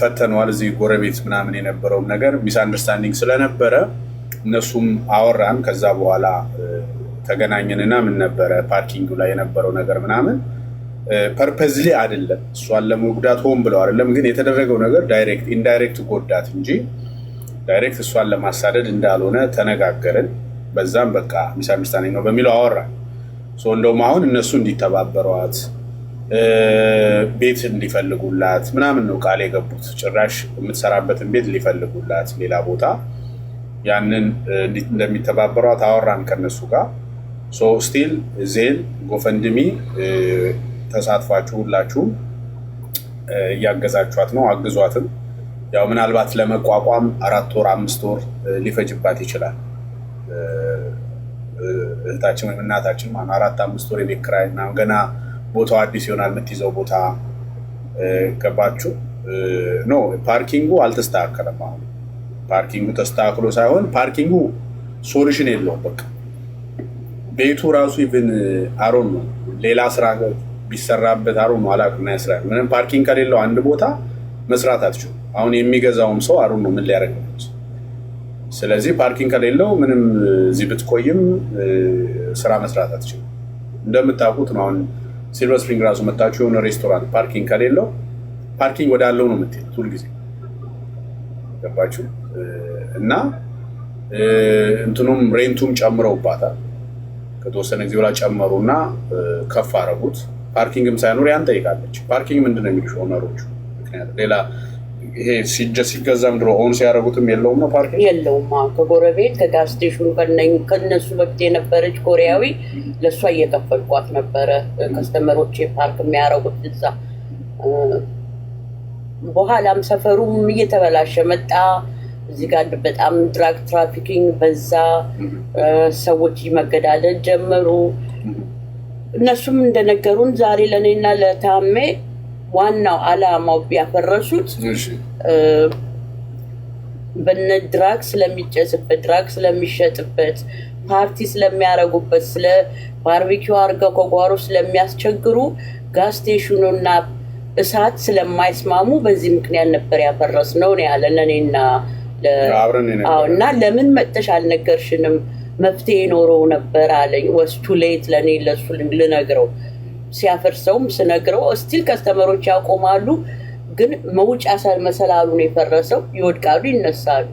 ፈተነዋል። እዚህ ጎረቤት ምናምን የነበረውም ነገር ሚስ አንደርስታንዲንግ ስለነበረ እነሱም አወራን። ከዛ በኋላ ተገናኘንና ምን ነበረ ፓርኪንግ ላይ የነበረው ነገር ምናምን ፐርፐዝሊ አይደለም እሷን ለመጉዳት ሆን ብለው አይደለም፣ ግን የተደረገው ነገር ዳይሬክት ኢንዳይሬክት ጎዳት እንጂ ዳይሬክት እሷን ለማሳደድ እንዳልሆነ ተነጋገርን። በዛም በቃ ሚስ አንደርስታንዲንግ ነው በሚለው አወራን። እንደውም አሁን እነሱ እንዲተባበሯት ቤት ሊፈልጉላት ምናምን ነው ቃል የገቡት። ጭራሽ የምትሰራበትን ቤት ሊፈልጉላት ሌላ ቦታ ያንን እንደሚተባበሯት አወራን ከነሱ ጋር። ሶ ስቲል ዜን ጎፈንድሚ ተሳትፏችሁ ሁላችሁም እያገዛችኋት ነው። አግዟትም። ያው ምናልባት ለመቋቋም አራት ወር አምስት ወር ሊፈጅባት ይችላል። እህታችን ወይም እናታችን አራት አምስት ወር የቤት ኪራይ ገና ቦታው አዲስ ይሆናል የምትይዘው ቦታ ገባችሁ? ኖ ፓርኪንጉ አልተስተካከለም። አሁን ፓርኪንጉ ተስተካክሎ ሳይሆን ፓርኪንጉ ሶሉሽን የለውም። በቃ ቤቱ ራሱ ኢቭን አሮን ነው ሌላ ስራ ቢሰራበት አሮን ነው አላውቅም። ስራ ምንም ፓርኪንግ ከሌለው አንድ ቦታ መስራት አትችሉ አሁን የሚገዛውም ሰው አሮን ነው ምን ሊያደርግ ስለዚህ ፓርኪንግ ከሌለው ምንም እዚህ ብትቆይም ስራ መስራት አትችሉ እንደምታውቁት ነው አሁን ሲልቨር ስፕሪንግ ራሱ መታችሁ የሆነ ሬስቶራንት ፓርኪንግ ከሌለው ፓርኪንግ ወዳለው ነው የምትሄዱት ሁልጊዜ ገባችሁ እና እንትኑም ሬንቱም ጨምረውባታል። ከተወሰነ ጊዜ በኋላ ጨመሩና ከፍ አረጉት። ፓርኪንግም ሳይኖር ያን ጠይቃለች። ፓርኪንግ ምንድነው የሚሉሽ ኦነሮቹ? ሌላ ይሄ ሲገዛም ድሮ ኦን ሲያደርጉትም የለውም ነው ፓርክ የለውም። ከጎረቤት ከጋዝ ስቴሽኑ ከነሱ በፊት የነበረች ኮሪያዊ ለእሷ እየከፈልኳት ነበረ። ከስተመሮች ፓርክ የሚያደርጉት እዛ። በኋላም ሰፈሩም እየተበላሸ መጣ። እዚህ ጋር በጣም ድራግ ትራፊኪንግ በዛ፣ ሰዎች መገዳደል ጀመሩ። እነሱም እንደነገሩን ዛሬ ለእኔና ለታሜ ዋናው አላማው ቢያፈረሱት በነ ድራግ ስለሚጨስበት ድራግ ስለሚሸጥበት ፓርቲ ስለሚያረጉበት ስለ ባርቢኪው አርገ ከጓሮ ስለሚያስቸግሩ ጋዝ ስቴሽኑና እሳት ስለማይስማሙ በዚህ ምክንያት ነበር ያፈረስነው ነው ያለ ለእኔና እና ለምን መጠሽ አልነገርሽንም? መፍትሄ ኖረው ነበር አለኝ። ወስቱ ሌት ለእኔ ለሱ ልነግረው ሲያፈርሰውም ስነግረው እስቲል ከስተመሮች ያቆማሉ። ግን መውጫ መሰላሉ ነው የፈረሰው። ይወድቃሉ፣ ይነሳሉ።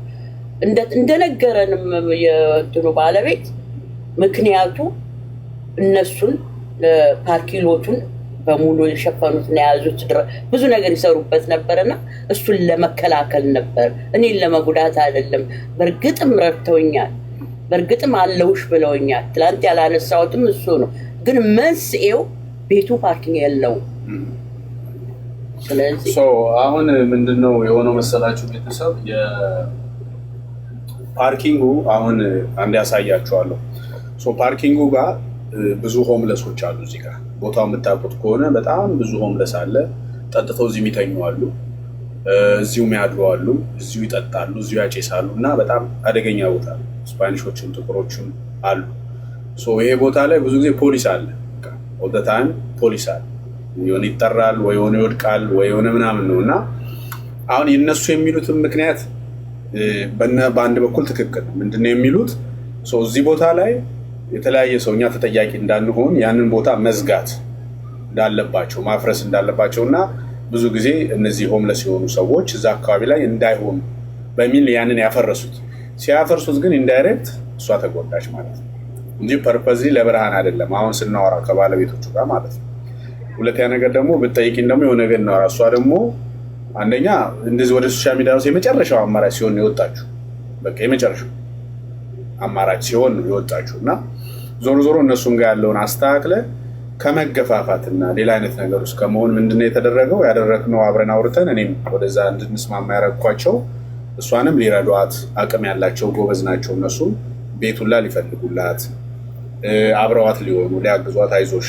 እንደነገረንም የእንትኑ ባለቤት ምክንያቱ እነሱን ፓርኪሎቹን በሙሉ ና የያዙት ብዙ ነገር ይሰሩበት ነበርና እሱን ለመከላከል ነበር፣ እኔን ለመጉዳት አይደለም። በእርግጥም ረድተውኛል፣ በእርግጥም አለውሽ ብለውኛል። ትላንት ያላነሳሁትም እሱ ነው። ግን መንስኤው ቤቱ ፓርኪንግ የለው። ስለዚህ አሁን ምንድነው የሆነው መሰላችሁ ቤተሰብ ፓርኪንጉ አሁን አንድ ያሳያችኋለሁ። ፓርኪንጉ ጋር ብዙ ሆምለሶች አሉ። እዚህ ጋር ቦታው የምታውቁት ከሆነ በጣም ብዙ ሆምለስ አለ። ጠጥተው እዚህ የሚተኙ አሉ፣ እዚሁ የሚያድሩ አሉ፣ እዚሁ ይጠጣሉ፣ እዚሁ ያጨሳሉ እና በጣም አደገኛ ቦታ ስፓኒሾችም ጥቁሮችም አሉ። ይሄ ቦታ ላይ ብዙ ጊዜ ፖሊስ አለ። ኦል ፖሊስ አለ። የሆነ ይጠራል ወይ የሆነ ይወድቃል ወይ የሆነ ምናምን ነው እና አሁን የነሱ የሚሉትን ምክንያት በአንድ በኩል ትክክል ምንድን ነው የሚሉት እዚህ ቦታ ላይ የተለያየ ሰው እኛ ተጠያቂ እንዳንሆን ያንን ቦታ መዝጋት እንዳለባቸው ማፍረስ እንዳለባቸው እና ብዙ ጊዜ እነዚህ ሆምለስ የሆኑ ሰዎች እዛ አካባቢ ላይ እንዳይሆኑ በሚል ያንን ያፈረሱት። ሲያፈርሱት ግን ኢንዳይሬክት እሷ ተጎዳች ማለት ነው። እንጂ ፐርፐዚ ለብርሃን አይደለም። አሁን ስናወራ ከባለቤቶቹ ጋር ማለት ነው። ሁለተኛ ነገር ደግሞ ብትጠይቂን ደግሞ የሆነ ነገር እናወራ። እሷ ደግሞ አንደኛ እንደዚህ ወደ ሶሻል ሚዲያ ውስጥ የመጨረሻው አማራጭ ሲሆን ነው የወጣችሁ። በቃ የመጨረሻው አማራጭ ሲሆን ነው የወጣችሁ እና ዞሮ ዞሮ እነሱም ጋር ያለውን አስተካክለ ከመገፋፋትና ሌላ አይነት ነገር ውስጥ ከመሆን ምንድነው የተደረገው ያደረግነው አብረን አውርተን እኔም ወደዛ እንድንስማማ ያረግኳቸው እሷንም ሊረዷት አቅም ያላቸው ጎበዝ ናቸው እነሱ ቤቱላ ሊፈልጉላት አብረዋት ሊሆኑ ሊያግዟት፣ አይዞሽ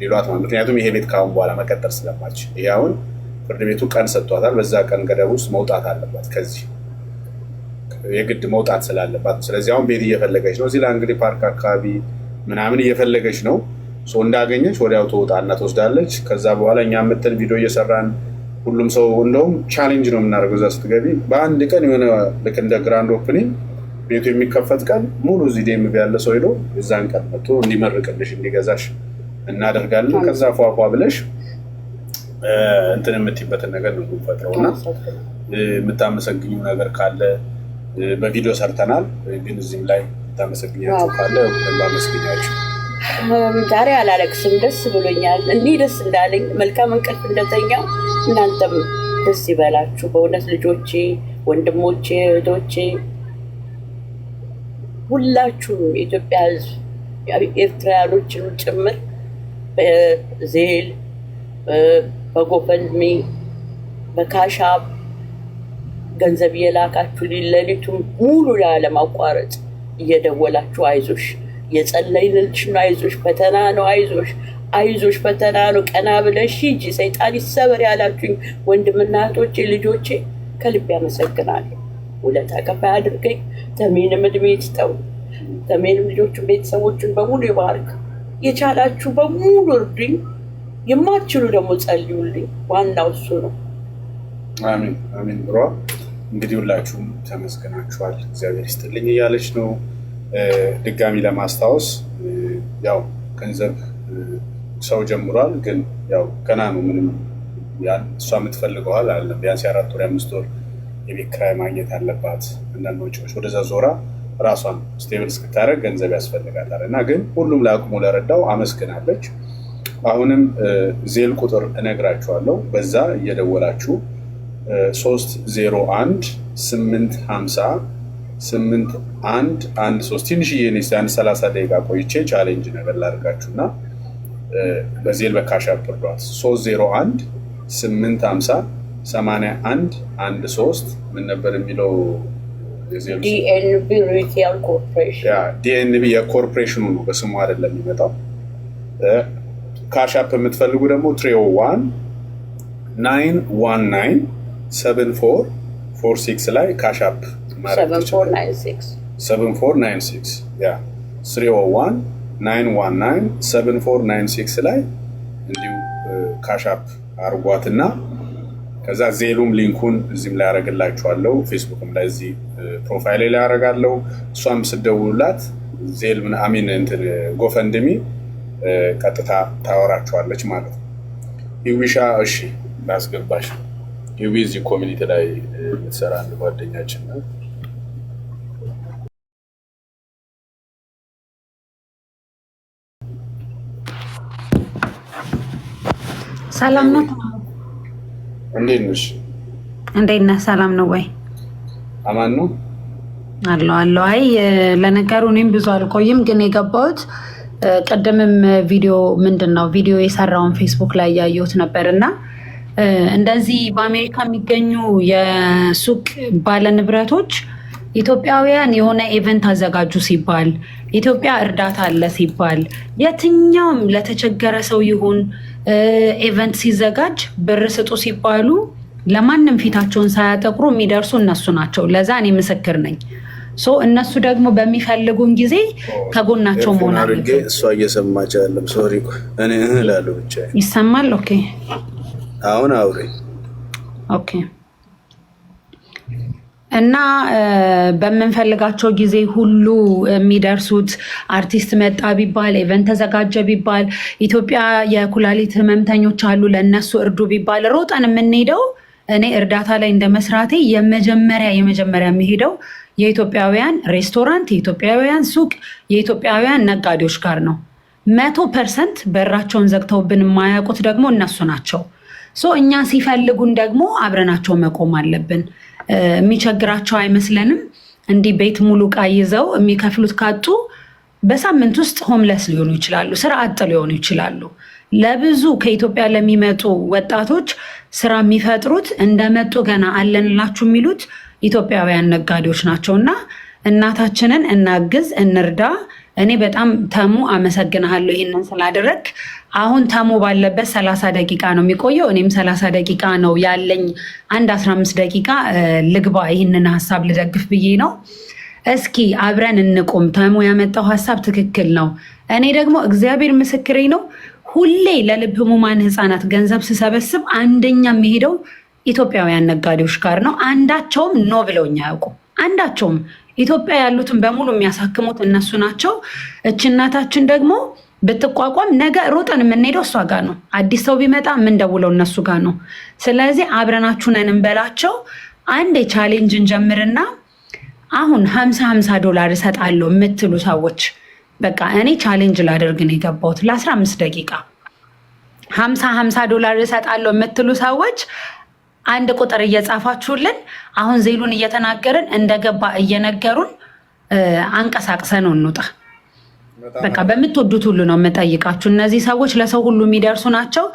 ሊሏት ነው። ምክንያቱም ይሄ ቤት ካሁን በኋላ መቀጠል ስለማች ይሄ አሁን ፍርድ ቤቱ ቀን ሰጥቷታል። በዛ ቀን ገደብ ውስጥ መውጣት አለባት ከዚህ የግድ መውጣት ስላለባት ስለዚህ አሁን ቤት እየፈለገች ነው። እዚህ ላንግሊ ፓርክ አካባቢ ምናምን እየፈለገች ነው። እንዳገኘች ወዲያው ትወጣና ትወስዳለች። ከዛ በኋላ እኛ ምትን ቪዲዮ እየሰራን ሁሉም ሰው እንደውም ቻሌንጅ ነው የምናደርገው እዛ ስትገቢ በአንድ ቀን የሆነ ልክ እንደ ግራንድ ኦፕኒንግ ቤቱ የሚከፈት ቀን ሙሉ እዚህ ዴም ያለ ሰው ሄዶ እዛን ቀን መጥቶ እንዲመርቅልሽ እንዲገዛሽ እናደርጋለን። ከዛ ፏፏ ብለሽ እንትን የምትይበትን ነገር ነው የምንፈጥረው እና የምታመሰግኙ ነገር ካለ በቪዲዮ ሰርተናል፣ ግን እዚህም ላይ የምታመሰግኛቸው ካለ ማመስገኛቸው። ዛሬ አላለቅስም፣ ደስ ብሎኛል። እኔ ደስ እንዳለኝ መልካም እንቅልፍ እንደተኛው እናንተም ደስ ይበላችሁ። በእውነት ልጆቼ፣ ወንድሞቼ፣ እህቶቼ ሁላችሁ የኢትዮጵያ ሕዝብ ኤርትራያኖችን ጭምር በዜል በጎፈንድሚ በካሻብ ገንዘብ እየላካችሁ ሌሊቱን ሙሉ ያለማቋረጥ እየደወላችሁ አይዞሽ የጸለይንልሽ ነው፣ አይዞሽ ፈተና ነው፣ አይዞሽ አይዞሽ ፈተና ነው፣ ቀና ብለሽ ሂጂ፣ ሰይጣን ይሰበር ያላችሁኝ ወንድምናቶቼ ልጆቼ ከልቤ ያመሰግናለሁ። ውለታ ከፋይ አድርገኝ። ተሜንም እድሜ ይስጠው። ተሜንም ልጆቹን ቤተሰቦቹን በሙሉ ይባርክ። የቻላችሁ በሙሉ እርዱኝ፣ የማትችሉ ደግሞ ጸልዩልኝ። ዋናው እሱ ነው። አሚን አሚን። ብሯ እንግዲህ ሁላችሁም ተመስገናችኋል፣ እግዚአብሔር ይስጥልኝ እያለች ነው። ድጋሚ ለማስታወስ ያው ገንዘብ ሰው ጀምሯል፣ ግን ያው ገና ነው። ምንም እሷ የምትፈልገዋል አለ ቢያንስ የአራት ወር የአምስት ወር የቤት ክራይ ማግኘት አለባት። አንዳንድ ወጪዎች ወደዛ ዞራ ራሷን ስቴብል እስክታደረግ ገንዘብ ያስፈልጋታል እና ግን ሁሉም ለአቅሙ ለረዳው አመስግናለች። አሁንም ዜል ቁጥር እነግራችኋለሁ። በዛ እየደወላችሁ 301 850 ስምንት አንድ አንድ ሶስት አንድ ሰላሳ ደቂቃ ቆይቼ ቻሌንጅ ነገር ላድርጋችሁ እና በዜል በካሻ ብርዷት ሶስት ዜሮ አንድ ስምንት ሀምሳ ሰማንያ አንድ አንድ ሶስት ምን ነበር የሚለው ዲኤንቢ የኮርፖሬሽኑ ነው፣ በስሙ አይደለም የሚመጣው። ካሻፕ የምትፈልጉ ደግሞ ትሪዮ ዋን ናይን ዋን ናይን ሰብን ፎር ፎር ሲክስ ላይ ካሻፕ ሰብን ፎር ናይን ሲክስ ትሪዮ ዋን ናይን ዋን ናይን ሰብን ፎር ናይን ሲክስ ላይ እንዲሁ ካሻፕ አርጓትና ከዛ ዜሉም ሊንኩን እዚህም ላይ ያደርግላችኋለሁ፣ ፌስቡክም ላይ እዚህ ፕሮፋይል ላይ ያደርጋለሁ። እሷም ስደውሉላት ዜል ምን አሚን እንትን ጎፈንድሚ ቀጥታ ታወራችኋለች ማለት ነው። ዊሻ እሺ ላስገባሽ። ይዊ እዚህ ኮሚኒቲ ላይ የምትሰራ አንድ ጓደኛችን ነው። ሰላም ነው። እንዴት ነሽ? እንዴት ነህ? ሰላም ነው ወይ? አማን ነው አለው አለው። አይ ለነገሩ እኔም ብዙ አልቆይም፣ ግን የገባሁት ቅድምም ቪዲዮ ምንድን ነው ቪዲዮ የሰራውን ፌስቡክ ላይ ያየሁት ነበር እና እንደዚህ በአሜሪካ የሚገኙ የሱቅ ባለንብረቶች ኢትዮጵያውያን የሆነ ኢቨንት አዘጋጁ ሲባል ኢትዮጵያ እርዳታ አለ ሲባል የትኛውም ለተቸገረ ሰው ይሁን ኢቨንት ሲዘጋጅ ብር ስጡ ሲባሉ ለማንም ፊታቸውን ሳያጠቁሩ የሚደርሱ እነሱ ናቸው። ለዛ እኔ ምስክር ነኝ። እነሱ ደግሞ በሚፈልጉን ጊዜ ከጎናቸው መሆን እሷ እየሰማች አለም ሶሪ እኔ እላለሁ ብቻ ይሰማል። ኦኬ አሁን አውሬ ኦኬ እና በምንፈልጋቸው ጊዜ ሁሉ የሚደርሱት አርቲስት መጣ ቢባል ኤቨንት ተዘጋጀ ቢባል ኢትዮጵያ የኩላሊት ህመምተኞች አሉ ለእነሱ እርዱ ቢባል ሮጠን የምንሄደው እኔ እርዳታ ላይ እንደ መስራቴ የመጀመሪያ የመጀመሪያ የሚሄደው የኢትዮጵያውያን ሬስቶራንት፣ የኢትዮጵያውያን ሱቅ፣ የኢትዮጵያውያን ነጋዴዎች ጋር ነው። መቶ ፐርሰንት በራቸውን ዘግተውብን የማያውቁት ደግሞ እነሱ ናቸው። ሶ እኛ ሲፈልጉን ደግሞ አብረናቸው መቆም አለብን። የሚቸግራቸው አይመስለንም። እንዲህ ቤት ሙሉ እቃ ይዘው የሚከፍሉት ካጡ በሳምንት ውስጥ ሆምለስ ሊሆኑ ይችላሉ፣ ስራ አጥ ሊሆኑ ይችላሉ። ለብዙ ከኢትዮጵያ ለሚመጡ ወጣቶች ስራ የሚፈጥሩት እንደመጡ ገና አለንላችሁ የሚሉት ኢትዮጵያውያን ነጋዴዎች ናቸው እና እናታችንን እናግዝ፣ እንርዳ። እኔ በጣም ተሙ አመሰግናሃለሁ ይህንን ስላደረግ። አሁን ተሙ ባለበት ሰላሳ ደቂቃ ነው የሚቆየው። እኔም ሰላሳ ደቂቃ ነው ያለኝ። አንድ አስራ አምስት ደቂቃ ልግባ ይህንን ሀሳብ ልደግፍ ብዬ ነው። እስኪ አብረን እንቁም። ተሙ ያመጣው ሀሳብ ትክክል ነው። እኔ ደግሞ እግዚአብሔር ምስክሬ ነው። ሁሌ ለልብ ህሙማን ህፃናት ገንዘብ ስሰበስብ አንደኛ የሚሄደው ኢትዮጵያውያን ነጋዴዎች ጋር ነው። አንዳቸውም ኖ ብለውኝ አያውቁም። አንዳቸውም ኢትዮጵያ ያሉትን በሙሉ የሚያሳክሙት እነሱ ናቸው። እች እናታችን ደግሞ ብትቋቋም ነገ ሮጠን የምንሄደው እሷ ጋር ነው። አዲስ ሰው ቢመጣ የምንደውለው እነሱ ጋር ነው። ስለዚህ አብረናችሁ ነን እንበላቸው። አንድ የቻሌንጅን ጀምርና አሁን ሀምሳ ሀምሳ ዶላር እሰጣለሁ የምትሉ ሰዎች በቃ እኔ ቻሌንጅ ላደርግ ነው የገባሁት ለአስራ አምስት ደቂቃ ሀምሳ ሀምሳ ዶላር እሰጣለሁ የምትሉ ሰዎች አንድ ቁጥር እየጻፋችሁልን አሁን ዜሉን እየተናገርን እንደገባ እየነገሩን አንቀሳቅሰ ነው እንውጣ። በቃ በምትወዱት ሁሉ ነው የምጠይቃችሁ። እነዚህ ሰዎች ለሰው ሁሉ የሚደርሱ ናቸው።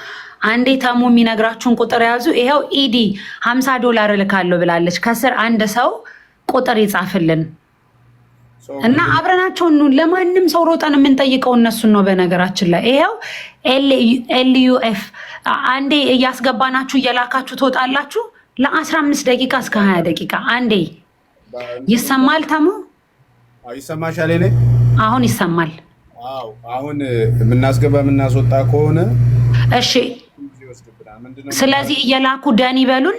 አንዴ ተሙ የሚነግራችሁን ቁጥር ያዙ። ይኸው ኢዲ ሀምሳ ዶላር እልካለሁ ብላለች። ከስር አንድ ሰው ቁጥር ይጻፍልን። እና አብረናቸው እንሁን። ለማንም ሰው ሮጠን የምንጠይቀው እነሱን ነው። በነገራችን ላይ ይኸው ኤልዩኤፍ አንዴ እያስገባናችሁ እየላካችሁ ትወጣላችሁ ለአስራ አምስት ደቂቃ እስከ ሀያ ደቂቃ አንዴ። ይሰማል ተሙ ይሰማሻል? ኔ አሁን ይሰማል። አሁን የምናስገባ የምናስወጣ ከሆነ እሺ። ስለዚህ እየላኩ ደን ይበሉን።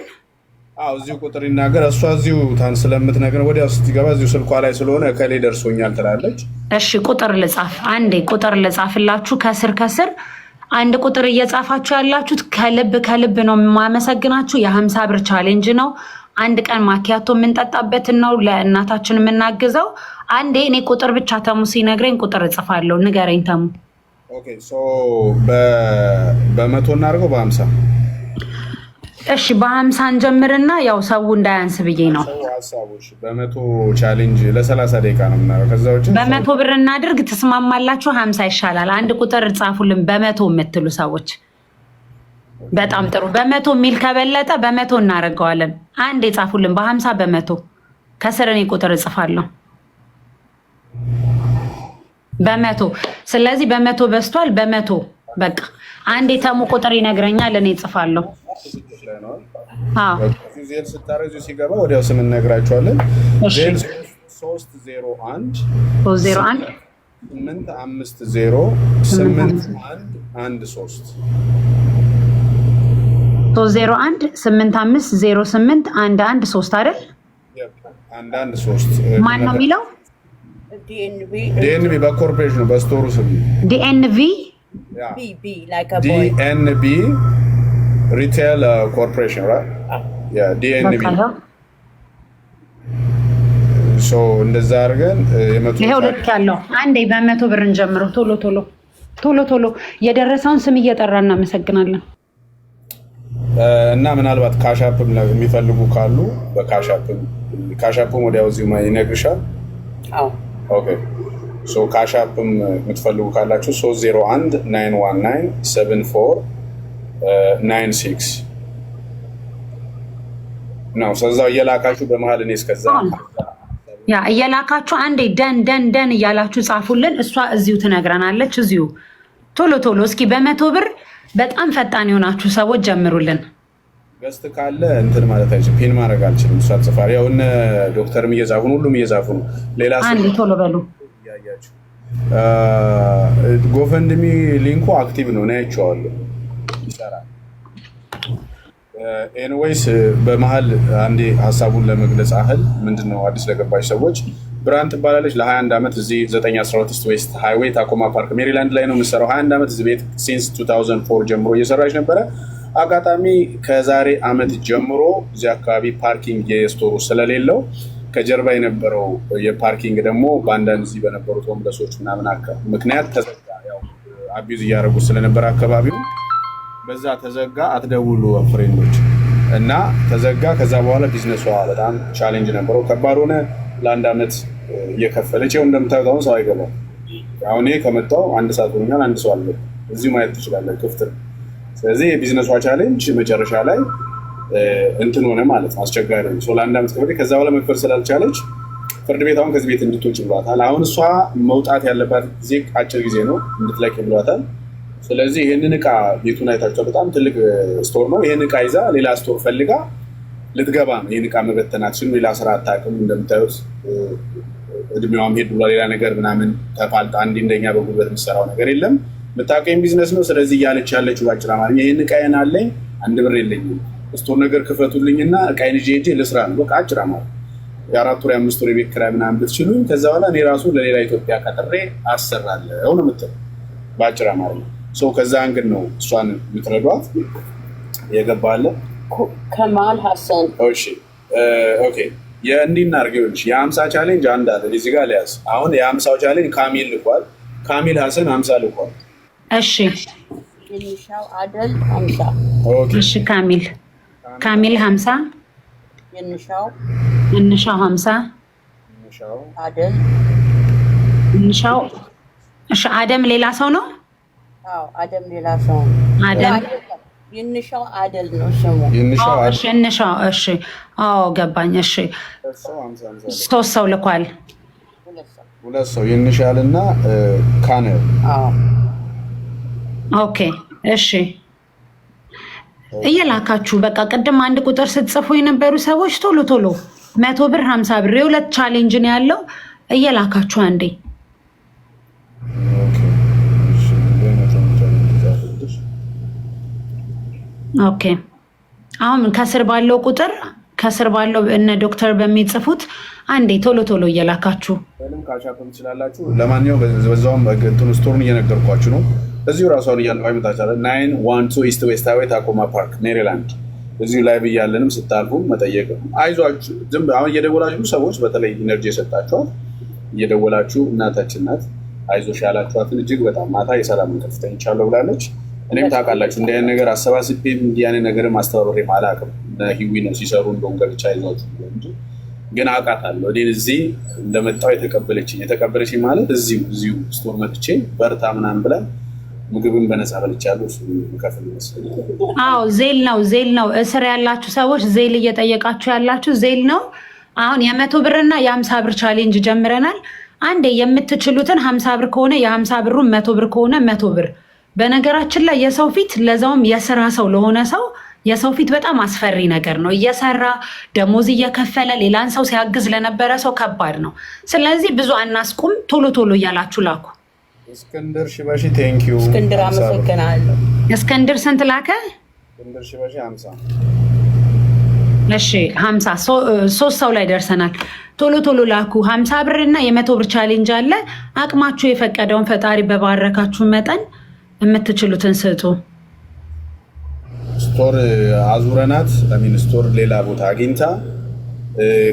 አዎ እዚሁ ቁጥር ይናገር። እሷ እዚሁ ታን ስለምትነግረን ወዲያው ስትገባ እዚሁ ስልኳ ላይ ስለሆነ ከሌ ደርሶኛል ትላለች። እሺ ቁጥር ልጻፍ፣ አንዴ ቁጥር ልጻፍላችሁ። ከስር ከስር አንድ ቁጥር እየጻፋችሁ ያላችሁት ከልብ ከልብ ነው የማመሰግናችሁ። የሀምሳ ብር ቻሌንጅ ነው። አንድ ቀን ማኪያቶ የምንጠጣበትን ነው ለእናታችን የምናግዘው። አንዴ እኔ ቁጥር ብቻ ተሙ ሲነግረኝ ቁጥር እጽፋለሁ። ንገረኝ ተሙ። በመቶ እናድርገው በሀምሳ እሺ በሀምሳ እንጀምርና ያው ሰው እንዳያንስ ብዬ ነው በመቶ ቻሌንጅ ለሰላሳ ደቂቃ ነው የምናደርገው። ከዛ ውጭ በመቶ ብር እናድርግ። ትስማማላችሁ? ሀምሳ ይሻላል። አንድ ቁጥር ጻፉልን በመቶ የምትሉ ሰዎች። በጣም ጥሩ። በመቶ የሚል ከበለጠ በመቶ እናደርገዋለን። አንድ የጻፉልን በሀምሳ በመቶ ከስር እኔ ቁጥር እጽፋለሁ። በመቶ ስለዚህ በመቶ በዝቷል። በመቶ በቃ አንድ የተሙ ቁጥር ይነግረኛል፣ እኔ ጽፋለሁ። ዜል ስታረዙ ሲገባ ወዲያው ስም እነግራቸዋለን። ሶስት ዜሮ አንድ ዜሮ አንድ ስምንት አምስት ዜሮ ስምንት አንድ አንድ ሶስት ሶስት ዜሮ አንድ ስምንት አምስት ዜሮ ስምንት አንድ አንድ ሶስት አይደል? አንድ አንድ ሶስት ማን ነው የሚለው? ዲኤንቪ በኮርፖሬሽኑ በስቶሩ ስም ዲኤንቪ B, B, like a boy. DNB Retail uh, Corporation, right? Ah. Yeah, DNB. እንደዛ አድርገን uh, ይኸው ልክ ያለው አንዴ በመቶ ብር እንጀምረው። ቶሎ ቶሎ ቶሎ ቶሎ የደረሰውን ስም እየጠራ እናመሰግናለን። uh, እና ምናልባት ካሻፕ የሚፈልጉ ካሉ በካሻፕ ካሻፕ ወዲያው እዚሁ ይነግርሻል። ኦኬ ካሻፕም um, የምትፈልጉ ካላችሁ 301 919 7496 ነው። ስለዛው እየላካችሁ በመሀል እኔ እስከዛ ያ እየላካችሁ አንዴ ደን ደን ደን እያላችሁ ጻፉልን። እሷ እዚሁ ትነግረናለች። እዚሁ ቶሎ ቶሎ እስኪ በመቶ ብር በጣም ፈጣን የሆናችሁ ሰዎች ጀምሩልን። ገስት ካለ እንትን ማለት አይችልም፣ ፒን ማድረግ አልችልም። እሷ ጽፋ ያው እነ ዶክተርም እየጻፉን ሁሉም እየጻፉ ነው። ሌላ አንዴ ቶሎ በሉ ጎፈንድሚ ሊንኩ አክቲቭ ነው፣ እኔ አይቼዋለሁ፣ ይሰራል። ኤንዌይስ በመሀል አንዴ ሀሳቡን ለመግለጽ አህል ምንድነው አዲስ ለገባች ሰዎች ብርሃን ትባላለች። ለ21 ዓመት እዚህ 912 ዌስት ሃይዌይ ታኮማ ፓርክ ሜሪላንድ ላይ ነው የምሰራው። 21 ዓመት እዚህ ቤት ሲንስ 2004 ጀምሮ እየሰራች ነበረ። አጋጣሚ ከዛሬ ዓመት ጀምሮ እዚህ አካባቢ ፓርኪንግ የስቶሩ ስለሌለው ከጀርባ የነበረው የፓርኪንግ ደግሞ በአንዳንድ እዚህ በነበሩት ሆምለሶች ምናምን ምክንያት ተዘጋ። አቢዝ እያደረጉ ስለነበረ አካባቢው በዛ ተዘጋ። አትደውሉ ፍሬንዶች እና ተዘጋ። ከዛ በኋላ ቢዝነሷ በጣም ቻሌንጅ ነበረው፣ ከባድ ሆነ። ለአንድ ዓመት እየከፈለች ይኸው እንደምታዩት አሁን ሰው አይገባም። አሁን ይሄ ከመጣው አንድ ሰዓት ሆኛል። አንድ ሰው አለ እዚሁ ማየት ትችላለን፣ ክፍት ነው። ስለዚህ የቢዝነሷ ቻሌንጅ መጨረሻ ላይ እንትን ሆነ ማለት ነው። አስቸጋሪ ነው። ለአንድ አመት ከፍ ከዛ በኋላ መክፈል ስላልቻለች ፍርድ ቤት አሁን ከዚህ ቤት እንድትወጭ ብሏታል። አሁን እሷ መውጣት ያለባት ጊዜ አጭር ጊዜ ነው፣ እንድትለቅ ብሏታል። ስለዚህ ይህንን እቃ ቤቱን አይታቸው በጣም ትልቅ ስቶር ነው። ይህን እቃ ይዛ ሌላ ስቶር ፈልጋ ልትገባ ነው። ይህን እቃ መበተናት ሲሉ ሌላ ስራ አታውቅም። እንደምታዩት እድሜዋም ሄድ ብሏ ሌላ ነገር ምናምን ተፋልጣ አንድ እንደኛ በጉልበት የምትሰራው ነገር የለም። የምታውቀኝ ቢዝነስ ነው። ስለዚህ እያለች ያለችው ባጭር አማርኛ ይህን እቃ አለኝ አንድ ብር የለኝም እስቶን ነገር ክፈቱልኝና እቃዬን ይዤ ሄጄ ልስራ ነው። በቃ አጭር አማር የአራት ወር የአምስት ወር የቤት ኪራይ ምናምን ብትችሉ ከዛ በኋላ እኔ ራሱ ለሌላ ኢትዮጵያ ቀጥሬ አሰራለሁ ነው የምትለው በአጭር አማርኛ። ሰው ከዛ አንግል ነው እሷን የምትረዷት የገባለ ከማል ሀሰን ኦኬ የእንዲህ እናድርግ ይኸውልሽ፣ ቻሌንጅ አንድ አለ እዚህ ጋር ሊያዝ አሁን የአምሳው ቻሌንጅ ካሚል ልኳል። ካሚል ሀሰን አምሳ ልኳል። እሺ፣ እሺ ካሚል ካሚል ሀምሳ እንሻው እንሻው ሀምሳ እንሻው አደም ሌላ ሰው ነው። አደም ሌላ ሰው አደም ይንሻው አደል ነው ስሙ። ይንሻው እሺ፣ አዎ ገባኝ። እሺ ሶስት ሰው ልኳል። ሁለት ሰው ይንሻልና ካነ ኦኬ፣ እሺ እየላካችሁ በቃ ቅድም አንድ ቁጥር ስትጽፉ የነበሩ ሰዎች ቶሎ ቶሎ መቶ ብር ሀምሳ ብር የሁለት ቻሌንጅ ነው ያለው። እየላካችሁ አንዴ ኦኬ። አሁን ከስር ባለው ቁጥር ከስር ባለው እነ ዶክተር በሚጽፉት አንዴ ቶሎ ቶሎ እየላካችሁ ለማንኛውም በዛውም ስቶሩን እየነገርኳችሁ ነው እዚሁ ራሷን እያለፋችሁ ታቻለ ናይን ዋን ቱ ኢስት ዌስት አዌይ ታኮማ ፓርክ ሜሪላንድ። እዚሁ ላይ ብያለንም ስታልፉም መጠየቅ ነው። አይዟችሁ ዝም አሁን እየደወላችሁ ሰዎች በተለይ ኢነርጂ የሰጣችኋት እየደወላችሁ እናታችን ናት አይዞሽ ያላችኋትን እጅግ በጣም ማታ የሰላም እንቅልፍ ተኝቻለሁ ብላለች። እኔም ታውቃላችሁ እንዲህ ዓይነት ነገር አሰባስቤም እንዲህ ዓይነት ነገርም አስተባብሬም አላውቅም። ሂዊ ነው ሲሰሩ እንደሆን ገብቻ ይዘት ግን አውቃታለሁ። እኔን እዚህ እንደመጣው የተቀበለችኝ የተቀበለችኝ ማለት እዚሁ እዚሁ ስቶር መጥቼ በርታ ምናምን ብለን ምግብን በነፃ በልቻለሁ። ከፍል ይመስለኛል። ዜል ነው ዜል ነው። እስር ያላችሁ ሰዎች ዜል እየጠየቃችሁ ያላችሁ ዜል ነው። አሁን የመቶ ብርና የአምሳ ብር ቻሌንጅ ጀምረናል። አንዴ የምትችሉትን ሀምሳ ብር ከሆነ የሀምሳ ብሩን መቶ ብር ከሆነ መቶ ብር። በነገራችን ላይ የሰው ፊት ለዛውም የስራ ሰው ለሆነ ሰው የሰው ፊት በጣም አስፈሪ ነገር ነው። እየሰራ ደሞዝ እየከፈለ ሌላን ሰው ሲያግዝ ለነበረ ሰው ከባድ ነው። ስለዚህ ብዙ አናስቁም። ቶሎ ቶሎ እያላችሁ ላኩ። እስክንድር ሽበሺ ቴንኪዩ እስክንድር አመሰግናለሁ። እስክንድር ስንት ላከ? እስክንድር ሽበሺ ሀምሳ እሺ ሀምሳ ሶስት ሰው ላይ ደርሰናል። ቶሎ ቶሎ ላኩ። ሀምሳ ብር እና የመቶ ብር ቻሌንጅ አለ። አቅማችሁ የፈቀደውን ፈጣሪ በባረካችሁ መጠን የምትችሉትን ስጡ። ስቶር አዙረናት ሚን ስቶር ሌላ ቦታ አግኝታ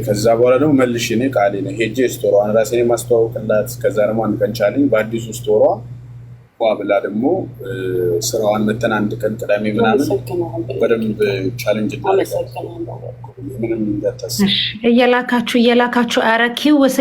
ከዛ በኋላ ደግሞ መልሽ እኔ ቃሌ ነ ሄጄ ስቶሯን ራሴን የማስተዋወቅላት ከዛ ደግሞ አንድ ቀን ቻለኝ በአዲሱ ስቶሯ ዋ ብላ ደግሞ ስራዋን መተን አንድ ቀን ቅዳሜ ምናምን በደንብ ቻለንጅ ምንም እንዳታስ እየላካችሁ እየላካችሁ አረኪው ወስ